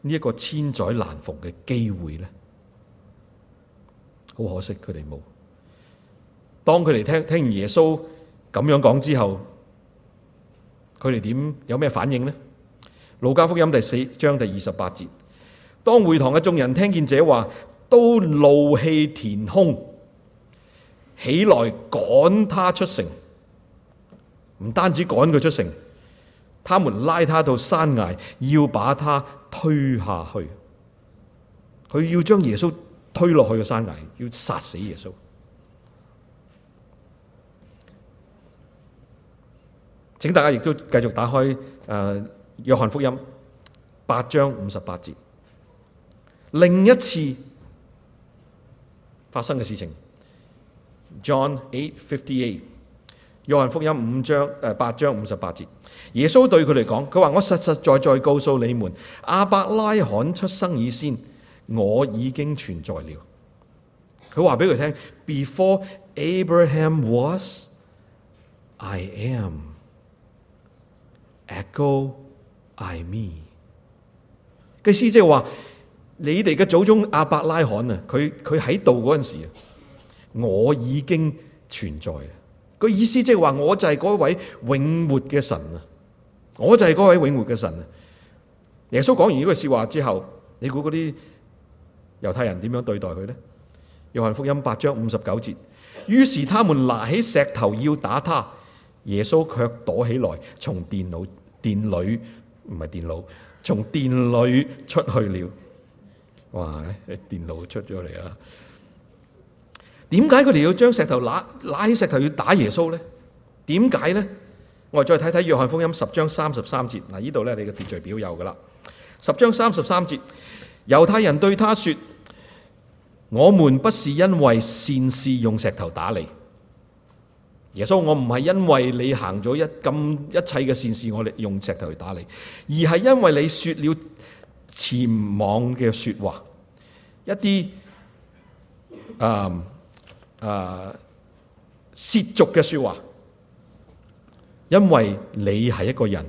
一個千載難逢嘅機會呢？好可惜，佢哋冇。當佢哋聽聽完耶穌咁樣講之後，佢哋點有咩反應呢？路加福音第四章第二十八節，當會堂嘅眾人聽見這話，都怒氣填胸，起來趕他出城。唔單止趕佢出城，他們拉他到山崖，要把他推下去。佢要將耶穌。推落去個山崖，要殺死耶穌。請大家亦都繼續打開誒、呃《約翰福音》八章五十八節，另一次發生嘅事情。John eight fifty eight，《約翰福音》五章誒八章五十八節，耶穌對佢嚟講：佢話我實實在在告訴你們，阿伯拉罕出生以先。我已經存在了。佢話俾佢聽，Before Abraham was，I am。Echo I me。佢意思即係話，你哋嘅祖宗阿伯拉罕啊，佢佢喺度嗰陣時啊，我已經存在啊。個意思即係話，我就係嗰位永活嘅神啊，我就係嗰位永活嘅神啊。耶穌講完呢句說話之後，你估嗰啲猶太人點樣對待佢呢？約翰福音八章五十九節，於是他們拿起石頭要打他，耶穌卻躲起來，從電腦殿裏唔係電腦，從殿裏出去了。哇！電腦出咗嚟啊！點解佢哋要將石頭拿拿起石頭要打耶穌呢？點解呢？我哋再睇睇約翰福音十章三十三節。嗱，呢度呢，你嘅秩序表有噶啦。十章三十三節，猶太人對他說我們不是因為善事用石頭打你，耶穌，我唔係因為你行咗一咁一切嘅善事我哋用石頭去打你，而係因為你說了僭妄嘅說話，一啲誒誒褻瀆嘅說話，因為你係一個人，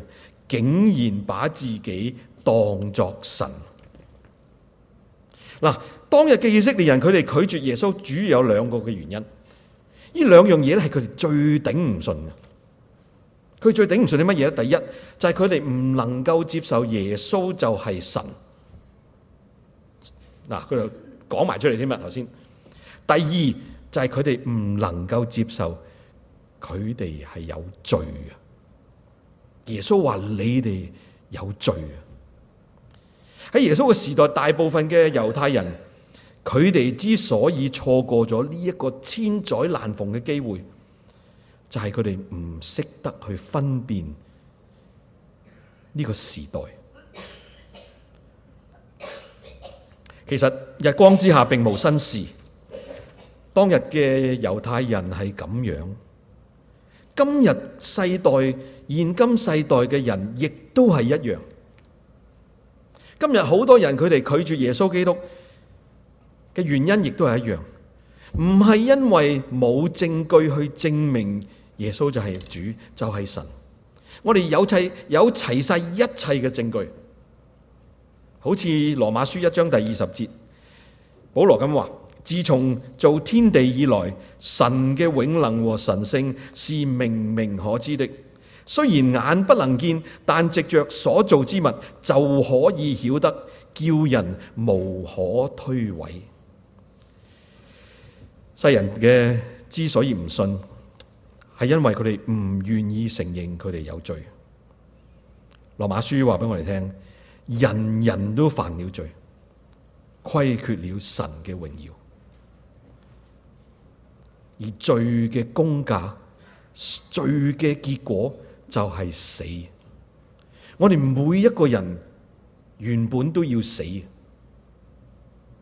竟然把自己當作神，嗱、啊。當日嘅以色列人，佢哋拒絕耶穌，主要有兩個嘅原因。呢兩樣嘢咧，係佢哋最頂唔順嘅。佢最頂唔順啲乜嘢咧？第一就係佢哋唔能夠接受耶穌就係神。嗱，佢就講埋出嚟添啊，頭先。第二就係佢哋唔能夠接受佢哋係有罪啊。耶穌話你哋有罪啊。喺耶穌嘅時代，大部分嘅猶太人。佢哋之所以錯過咗呢一個千載難逢嘅機會，就係佢哋唔識得去分辨呢個時代。其實日光之下並無新事，當日嘅猶太人係咁樣，今日世代、現今世代嘅人亦都係一樣。今日好多人佢哋拒絕耶穌基督嘅原因亦都係一樣，唔係因為冇證據去證明耶穌就係主就係、是、神，我哋有齊有齊晒一切嘅證據，好似羅馬書一章第二十節，保羅咁話：自從造天地以來，神嘅永能和神性是明明可知的，雖然眼不能見，但藉着所造之物就可以曉得，叫人無可推諉。世人嘅之所以唔信，係因為佢哋唔願意承認佢哋有罪。羅馬書話俾我哋聽，人人都犯了罪，虧缺了神嘅榮耀。而罪嘅工價、罪嘅結果就係死。我哋每一個人原本都要死，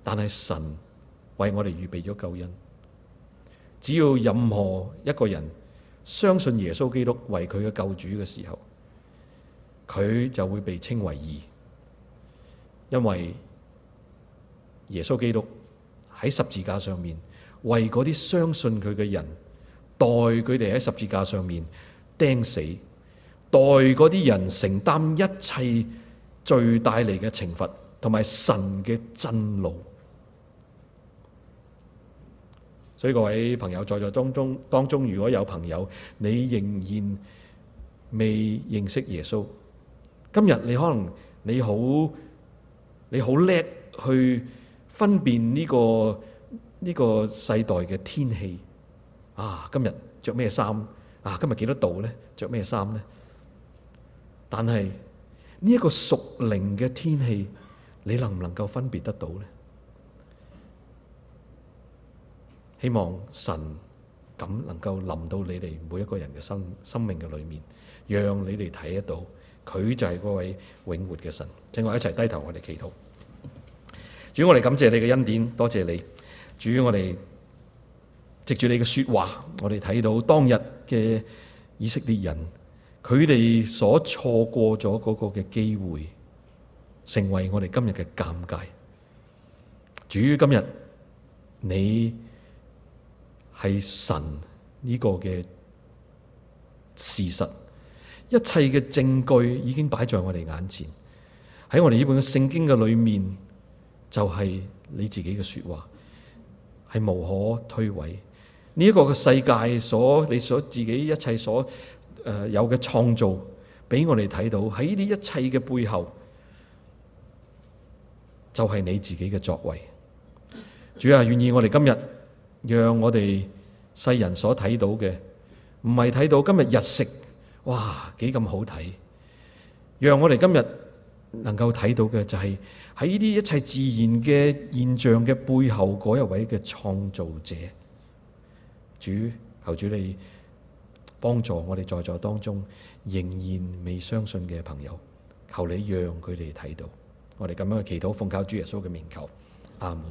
但係神為我哋預備咗救恩。只要任何一個人相信耶穌基督為佢嘅救主嘅時候，佢就會被稱為義，因為耶穌基督喺十字架上面為嗰啲相信佢嘅人代佢哋喺十字架上面釘死，代嗰啲人承擔一切罪帶嚟嘅懲罰同埋神嘅震怒。所以各位朋友在座當中當中，如果有朋友你仍然未認識耶穌，今日你可能你好你好叻去分辨呢個呢個世代嘅天氣啊，今日着咩衫啊，今日幾多度咧？着咩衫咧？但係呢一個屬靈嘅天氣，你能唔能夠分別得到咧？希望神咁能夠臨到你哋每一個人嘅生生命嘅裏面，讓你哋睇得到佢就係嗰位永活嘅神，請我一齊低頭，我哋祈禱。主，我哋感謝你嘅恩典，多謝你。主，我哋藉住你嘅說話，我哋睇到當日嘅以色列人，佢哋所錯過咗嗰個嘅機會，成為我哋今日嘅尷尬。主，今日你。係神呢個嘅事實，一切嘅證據已經擺在我哋眼前，喺我哋呢本嘅聖經嘅裏面，就係、是、你自己嘅說話，係無可推諉。呢、這、一個嘅世界所你所自己一切所誒、呃、有嘅創造，俾我哋睇到喺呢一切嘅背後，就係、是、你自己嘅作為。主要啊，願意我哋今日。讓我哋世人所睇到嘅，唔係睇到今日日食，哇，幾咁好睇！讓我哋今日能夠睇到嘅就係喺呢啲一切自然嘅現象嘅背後嗰一位嘅創造者。主，求主你幫助我哋在座當中仍然未相信嘅朋友，求你讓佢哋睇到。我哋咁樣嘅祈禱，奉靠主耶穌嘅名求，阿門。